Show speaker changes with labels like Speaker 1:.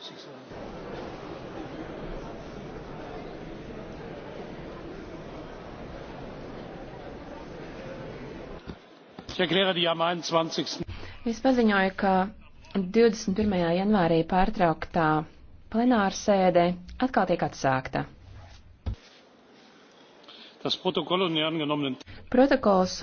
Speaker 1: Es
Speaker 2: paziņoju, ka 21. janvārī pārtrauktā plenāra sēde atkal tiek atsākta.
Speaker 3: Protokols